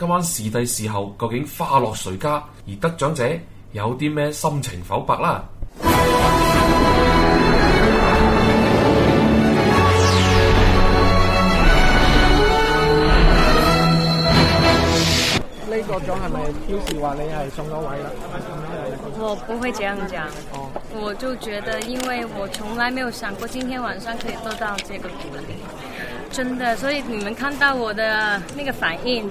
今晚是視後，究竟花落誰家？而得獎者有啲咩心情剖白？白啦！呢個獎係咪表示話你係送咗位啦？我不會這樣講，oh. 我就覺得，因為我從來沒有想過今天晚上可以得到這個獎真的。所以你們看到我的那個反應。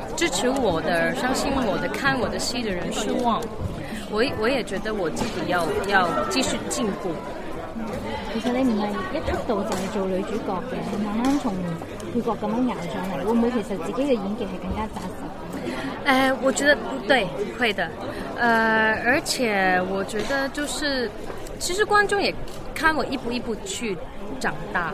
支持我的、相信我的、看我的戲的人失望。我我也覺得我自己要要繼續進步。其實你唔係一出道就係做女主角嘅，你慢慢從配角咁樣熬上嚟，會唔會其實自己嘅演技係更加紮實？誒、呃，我覺得對，會的。呃，而且我覺得就是，其實觀眾也看我一步一步去長大。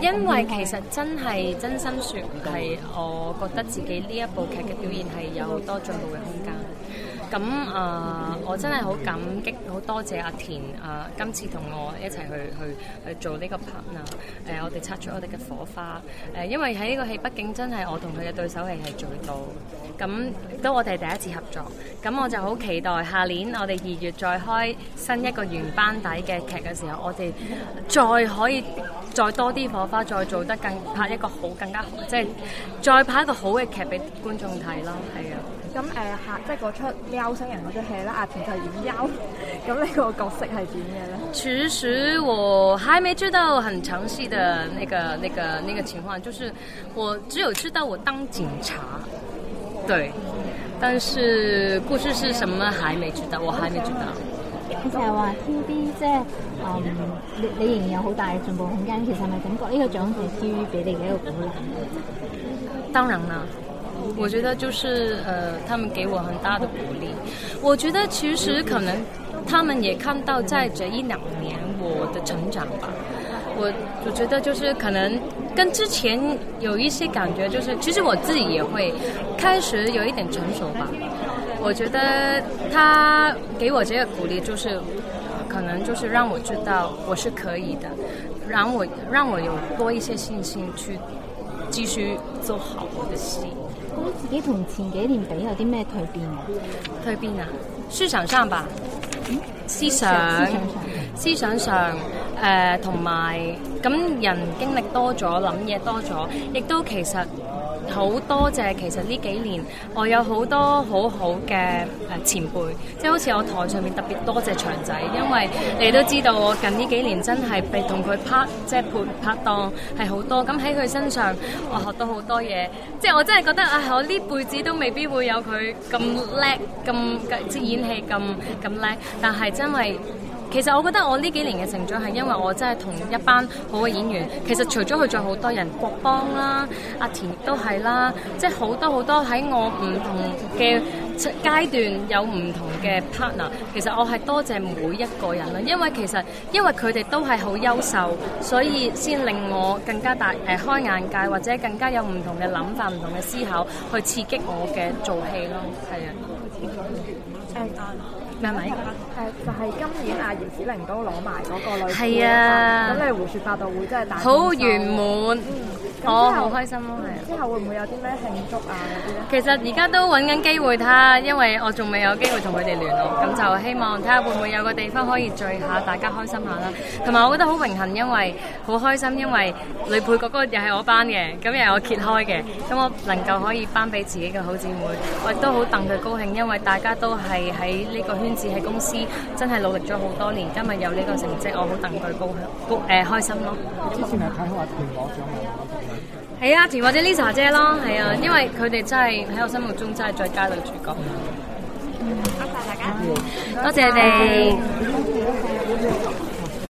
因為其實真係真心說，唔係我覺得自己呢一部劇嘅表現係有好多進步嘅空間。咁啊、呃，我真係好感激，好多謝阿田啊、呃，今次同我一齊去去去做呢個 partner，、呃、我哋擦出我哋嘅火花。誒、呃，因為喺呢個戲，畢竟真係我同佢嘅對手戲係最多。咁都我哋第一次合作，咁我就好期待下年我哋二月再開新一個原班底嘅劇嘅時候，我哋再可以。再多啲火花，再做得更拍一個好更加好即係再拍一個好嘅劇俾觀眾睇咯，係、嗯呃就是、啊。咁誒下即係嗰出《喵星人》嗰出戲啦，阿田就演妖，咁、嗯、呢、嗯嗯這個角色係點嘅咧？其實我還未知道很詳細嘅那個、那個、那個情況，就是我只有知道我當警察，對，但是故事是什麼，還未知道，我還未知道。嗯嗯嗯就係話，TVB 即係嗯，你你仍然有好大嘅進步空間。其實係咪感覺呢個獎項，係俾你嘅一個鼓勵？當然啦，我覺得就是，呃，他們給我很大的鼓勵。我覺得其實可能，他們也看到在這一兩年我的成長吧。我，我覺得就是可能跟之前有一些感覺，就是其實我自己也會開始有一點成熟吧。我覺得他給我這個鼓勵，就是可能就是讓我知道我是可以的，讓我讓我有多一些信心去繼續做好我的事。咁自己同前幾年比有啲咩蛻變推啊？蛻變啊？思想上吧？思想思想上誒，同埋咁人經歷多咗，諗嘢多咗，亦都其實。好多謝其實呢幾年，我有很多很好多好好嘅誒前輩，即、就、係、是、好似我台上面特別多謝祥仔，因為你都知道我近呢幾年真係被同佢拍即係、就是、拍檔係好多，咁喺佢身上我學到好多嘢，即、就、係、是、我真係覺得啊，我呢輩子都未必會有佢咁叻咁即演戲咁咁叻，但係真係。其實我覺得我呢幾年嘅成長係因為我真係同一班好嘅演員。其實除咗佢仲有好多人，郭邦啦，阿田都係啦，即係好多好多喺我唔同嘅階段有唔同嘅 partner。其實我係多謝每一個人啦，因為其實因為佢哋都係好優秀，所以先令我更加大誒開眼界，或者更加有唔同嘅諗法、唔同嘅思考去刺激我嘅做戲咯。係啊。嗯係咪？誒就係今年阿、啊、葉子玲都攞埋嗰個女，咁、啊、你胡說八道會真係大好圓滿。嗯我好、oh, 開心咯、啊，係。之後會唔會有啲咩慶祝啊？其實而家都揾緊機會睇，因為我仲未有機會同佢哋聯絡，咁就希望睇下會唔會有個地方可以聚下，大家開心下啦。同埋我覺得好榮幸，因為好開心，因為女配角嗰又係我頒嘅，咁又係我揭開嘅，咁、mm hmm. 我能夠可以頒俾自己嘅好姊妹，我亦都好戥佢高興，因為大家都係喺呢個圈子，喺公司真係努力咗好多年，今日有呢個成績，我好戥佢高興高誒、呃、開心咯。之前係睇開話團體獎係啊，田或者 Lisa 姐咯。係啊，因為佢哋真係喺我心目中真係最佳女主角。多謝大家，多謝你哋。